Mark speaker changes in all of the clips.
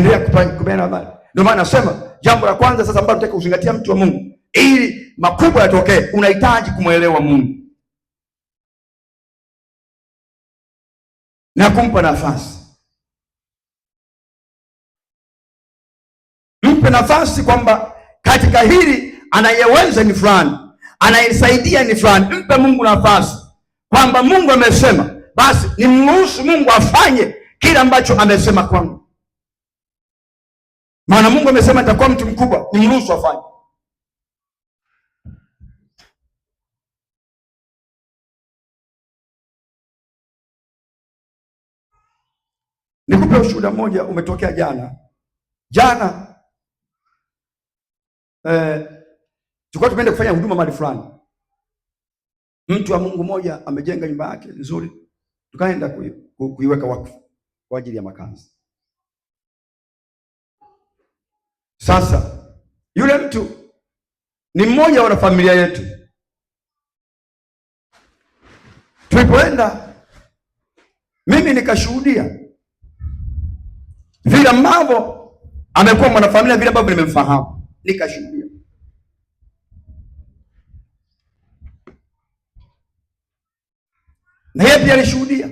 Speaker 1: Tutaendelea kupeana habari. Ndio maana nasema jambo la kwanza sasa ambalo nataka kuzingatia, mtu wa Mungu, ili makubwa yatokee, unahitaji kumwelewa Mungu na kumpa nafasi. Mpe nafasi kwamba katika hili anayeweza ni fulani, anayesaidia ni fulani. Mpe Mungu nafasi kwamba Mungu amesema, basi ni mruhusu Mungu afanye kile ambacho amesema kwangu. Maana Mungu amesema nitakuwa mtu mkubwa, nimruhusu afanye. Nikupe ushuhuda mmoja umetokea jana. Jana eh, tulikuwa tumeenda kufanya huduma mahali fulani. Mtu wa Mungu mmoja amejenga nyumba yake nzuri, tukaenda kuiweka wakfu kwa ajili ya makazi Sasa yule mtu ni mmoja wa familia yetu. Tulipoenda mimi nikashuhudia vile ambavyo amekuwa mwanafamilia, vile ambavyo nimemfahamu, nikashuhudia na yeye pia alishuhudia,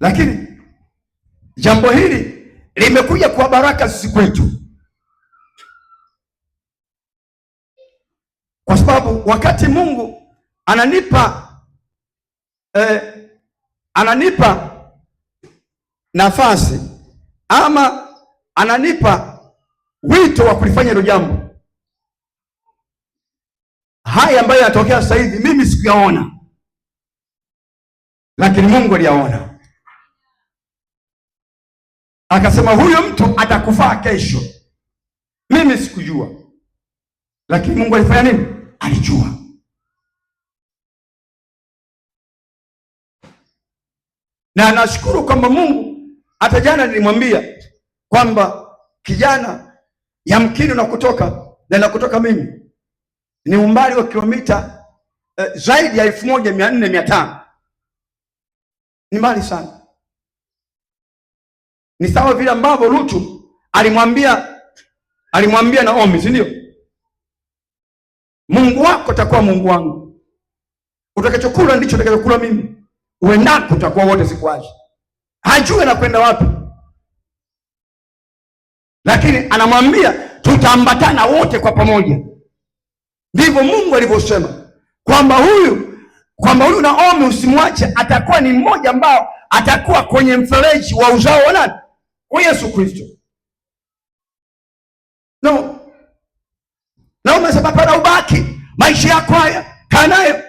Speaker 1: lakini jambo hili limekuja kwa baraka sisi kwetu, kwa sababu wakati Mungu ananipa eh, ananipa nafasi ama ananipa wito wa kulifanya hilo jambo, haya ambayo yanatokea sasa hivi mimi sikuyaona, lakini Mungu aliyaona akasema huyu mtu atakufaa kesho. Mimi sikujua, lakini Mungu alifanya nini? Alijua. Na nashukuru kwamba Mungu hata jana nilimwambia kwamba kijana, yamkini unakotoka na nakotoka mimi ni umbali wa kilomita eh, zaidi ya elfu moja mia nne mia tano ni mbali sana ni sawa vile ambavyo Lutu alimwambia alimwambia Naomi, si ndio? Mungu wako atakuwa Mungu wangu, utakachokula ndicho utakachokula mimi, uendako utakuwa wote, sikuachi. Hajui anakwenda wapi, lakini anamwambia tutaambatana wote kwa pamoja. Ndivyo Mungu alivyosema kwamba huyu kwamba huyu Naomi usimwache, atakuwa ni mmoja ambao atakuwa kwenye mfereji wa uzao wa nani? wa Yesu Kristo. No. Na umesema pana ubaki maisha yako haya, kaa nayo,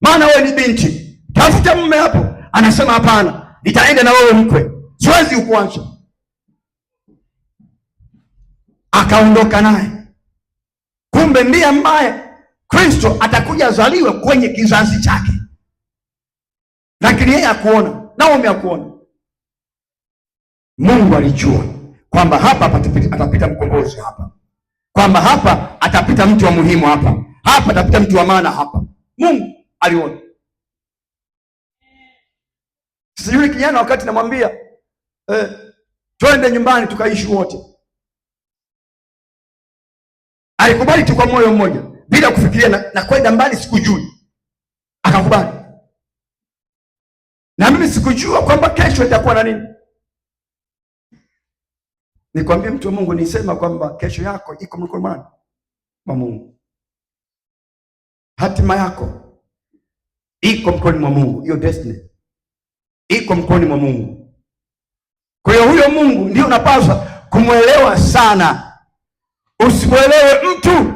Speaker 1: maana wewe ni binti. Tafuta mume hapo, anasema hapana, nitaenda na wewe mkwe, siwezi ukuacha. Akaondoka naye. Kumbe mbia mbaya, Kristo atakuja azaliwe kwenye kizazi chake, lakini yeye akuona, Naomi akuona Mungu alijua kwamba hapa patapita, atapita mkombozi hapa, kwamba hapa atapita mtu wa muhimu hapa, hapa atapita mtu wa maana hapa. Mungu aliona. Sasa yule kijana wakati namwambia eh, twende nyumbani tukaishi wote, alikubali tu kwa moyo mmoja bila kufikiria, na, na kwenda mbali sikujui, akakubali. Na mimi sikujua kwamba kesho itakuwa na nini Nikwambie mtu wa Mungu, nisema kwamba kesho yako iko mkononi mwa Mungu, hatima yako iko mkononi mwa Mungu, hiyo destiny iko mkononi mwa Mungu. Kwa hiyo huyo Mungu ndio unapaswa kumwelewa sana, usimwelewe mtu,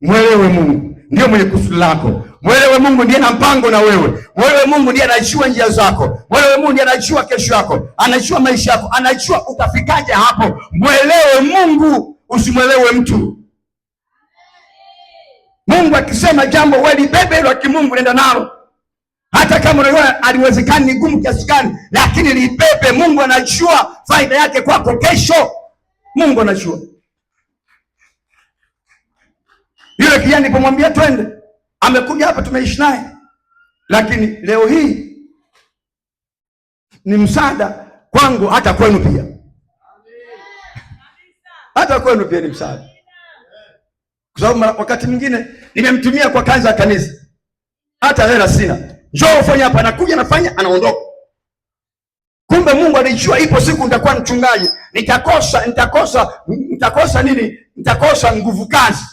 Speaker 1: mwelewe Mungu, ndio mwenye kusudi lako. Wewe Mungu ndiye na mpango na wewe. Wewe Mungu ndiye anajua njia zako. Wewe Mungu ndiye anajua kesho yako, anajua maisha yako, anajua utafikaje hapo. Mwelewe Mungu, usimwelewe mtu. Mungu akisema jambo, wewe libebe hilo kimungu, nenda nalo hata kama unaiona aliwezekani ni gumu kiasi gani, lakini libebe. Mungu anajua faida yake kwako kesho. Mungu anajua. Yule kijana nilipomwambia twende amekuja hapa tumeishi naye, lakini leo hii ni msaada kwangu, hata kwenu pia, hata kwenu pia ni msaada, kwa sababu wakati mwingine nimemtumia kwa kazi ya kanisa, hata hela sina, njoo ufanye hapa, anakuja anafanya, anaondoka. Kumbe Mungu alijua ipo siku nitakuwa mchungaji, nitakosa nitakosa nitakosa nini, nitakosa nguvu kazi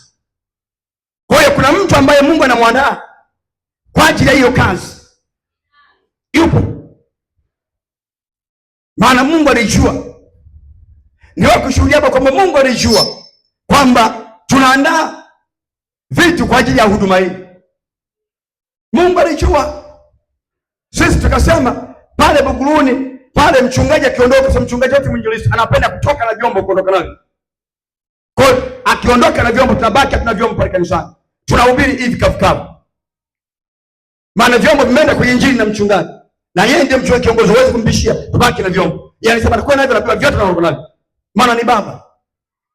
Speaker 1: kwa hiyo kuna mtu ambaye Mungu anamwandaa kwa ajili ya hiyo kazi, yupo. Maana Mungu alijua, ni niwa kushuhudia hapa kwamba Mungu alijua kwamba tunaandaa vitu kwa ajili ya huduma hii. Mungu alijua, sisi tukasema pale Buguruni pale mchungaji akiondoka, kwa mchungaji wetu mwinjilisti anapenda kutoka na vyombo kuondoka navyo. Kwa hiyo akiondoka na vyombo tunabaki hatuna vyombo pale kanisani tunahubiri hivi kavukavu, maana vyombo vimeenda kwenye injili na mchungaji, na yeye ndiye mchungaji kiongozi, huwezi kumbishia. Tubaki na vyombo, yani sema kwa navyo napewa vyote na navyo, maana ni baba.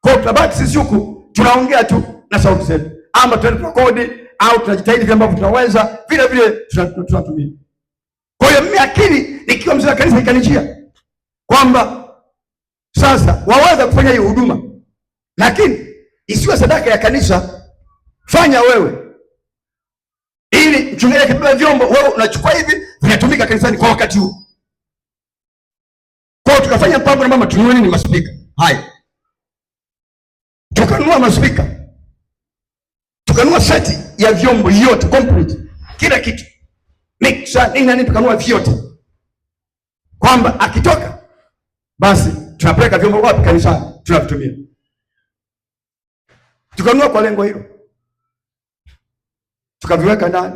Speaker 1: Kwa hiyo tunabaki sisi huku tunaongea tu na sauti zetu, ama tuende tunakodi au tunajitahidi vile ambavyo tunaweza, vile vile tunatumia. Kwa hiyo mimi akili nikiwa mzee wa kanisa ikanijia kwamba sasa waweza kufanya hii huduma, lakini isiwe sadaka ya kanisa fanya wewe, ili mchungaji akibeba vyombo, wewe unachukua hivi, vinatumika kanisani kwa wakati huu. Kwa tukafanya mpango na mama, tununue nini? Maspika haya, tukanunua maspika, tukanunua seti ya vyombo yote complete, kila kitu Mixa nini na nini, tukanunua vyote, kwamba akitoka basi tunapeleka vyombo wapi? Kanisani tunavitumia. Tukanunua kwa lengo hilo tukaviweka ndani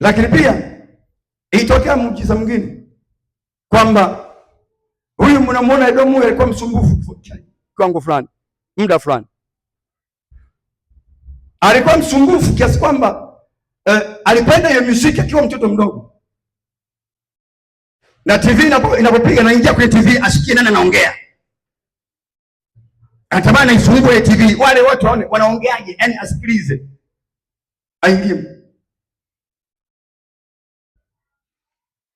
Speaker 1: lakini pia ilitokea muujiza mwingine kwamba huyu mnamuona Edomu alikuwa msumbufu kiwango fulani, muda fulani alikuwa msumbufu kiasi kwamba eh, alipenda hiyo muziki akiwa mtoto mdogo, na TV inapopiga inaingia kwenye TV asikie nani anaongea anatamani aifungwe TV wale watu waone wanaongeaje, yani asikilize, aingie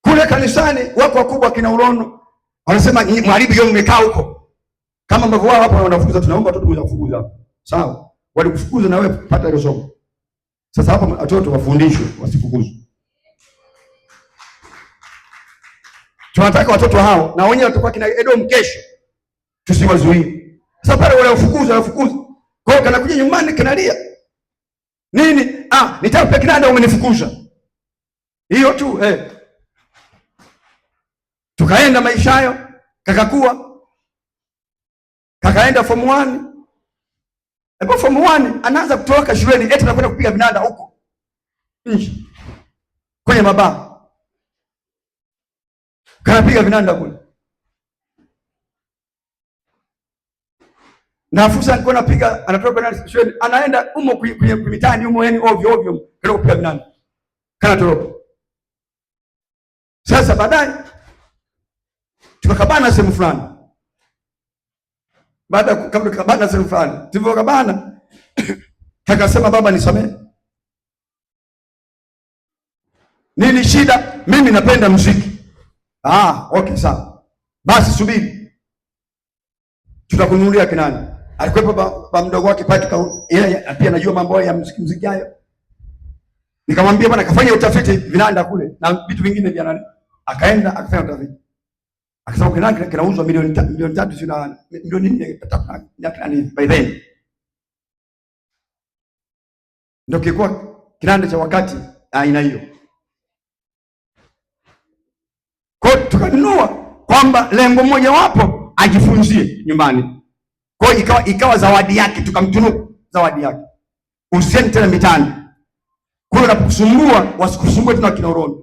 Speaker 1: kule kanisani. Wako wakubwa kina Ulono wanasema mwalimu yeye umekaa huko, kama ambavyo wao hapo wanafukuza, tunaomba watoto kufukuza. Sawa, walikufukuza na wewe pata hilo somo. Sasa hapa watoto wafundishwe, wasifukuzwe. Tunataka watoto hao na wenyewe watakuwa kina Edomu kesho, tusiwazuie sasa pale wale ufukuza wafukuza. Kwa hiyo kanakuja nyumbani kanalia. Nini? Ah, nitakupa kinanda umenifukuza. Hiyo tu eh. Tukaenda maisha hayo, kakakuwa Kakaenda form 1. Hapo form 1 anaanza kutoroka shuleni eti anakwenda kupiga vinanda huko. Nje. Kwenye mabaa. Kanapiga vinanda kule. na afusa alikuwa anapiga anatoka penalty shule anaenda umo kwenye mitaani umo, yani ovyo ovyo kana kupiga binani kana toroka. Sasa baadaye tukakabana sehemu fulani, baada kabla tukakabana sehemu fulani, tulivyokabana akasema baba, nisamee nini shida? Mimi napenda mziki. Ah, okay sawa, basi subiri, tutakununulia kinani alikuwepo ba, mdogo wake Pati yeye pia anajua mambo ya muziki muziki hayo. Nikamwambia bwana, kafanya utafiti vinanda kule na vitu vingine vya nani. Akaenda akafanya utafiti, akasema kinanda kinauzwa milioni milioni tatu na milioni nne by then, ndio kikuwa kinanda cha wakati aina hiyo. Kwa tukanunua kwamba lengo moja wapo ajifunzie nyumbani kwa hiyo ikawa, ikawa zawadi yake, tukamtunuku zawadi yake. Usiende tena mitaani kule, unapokusumbua wasikusumbue tena kina Urono.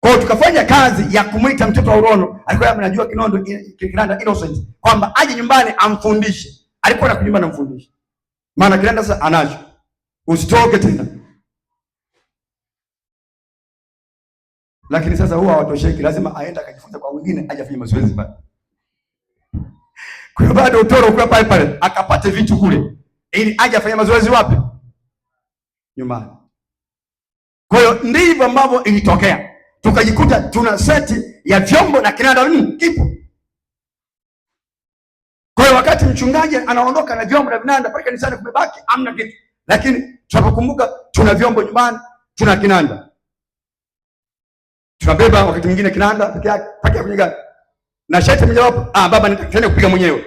Speaker 1: Kwa hiyo tukafanya kazi ya kumwita mtoto wa Urono, alikuwa anajua Kinondo Kiranda Innocent kwamba aje nyumbani amfundishe, alikuwa na kunyumba namfundisha, maana Kiranda sasa anacho, usitoke tena lakini sasa huwa hawatosheki, lazima aenda akajifunza kwa wengine, aje afanye mazoezi bado kwa bado utoro kwa pale pale akapate vitu kule ili aje afanye mazoezi wapi? Nyumbani. Kwa hiyo ndivyo ambavyo ilitokea. Tukajikuta tuna seti ya vyombo na kinanda nini kipo. Kwa hiyo wakati mchungaji anaondoka na vyombo na vinanda pale kanisani kumebaki amna kitu. Lakini tunapokumbuka tuna vyombo nyumbani, tuna kinanda. Tunabeba wakati mwingine kinanda peke yake, peke yake na sharti mojawapo, ah, baba nitaenda kupiga mwenyewe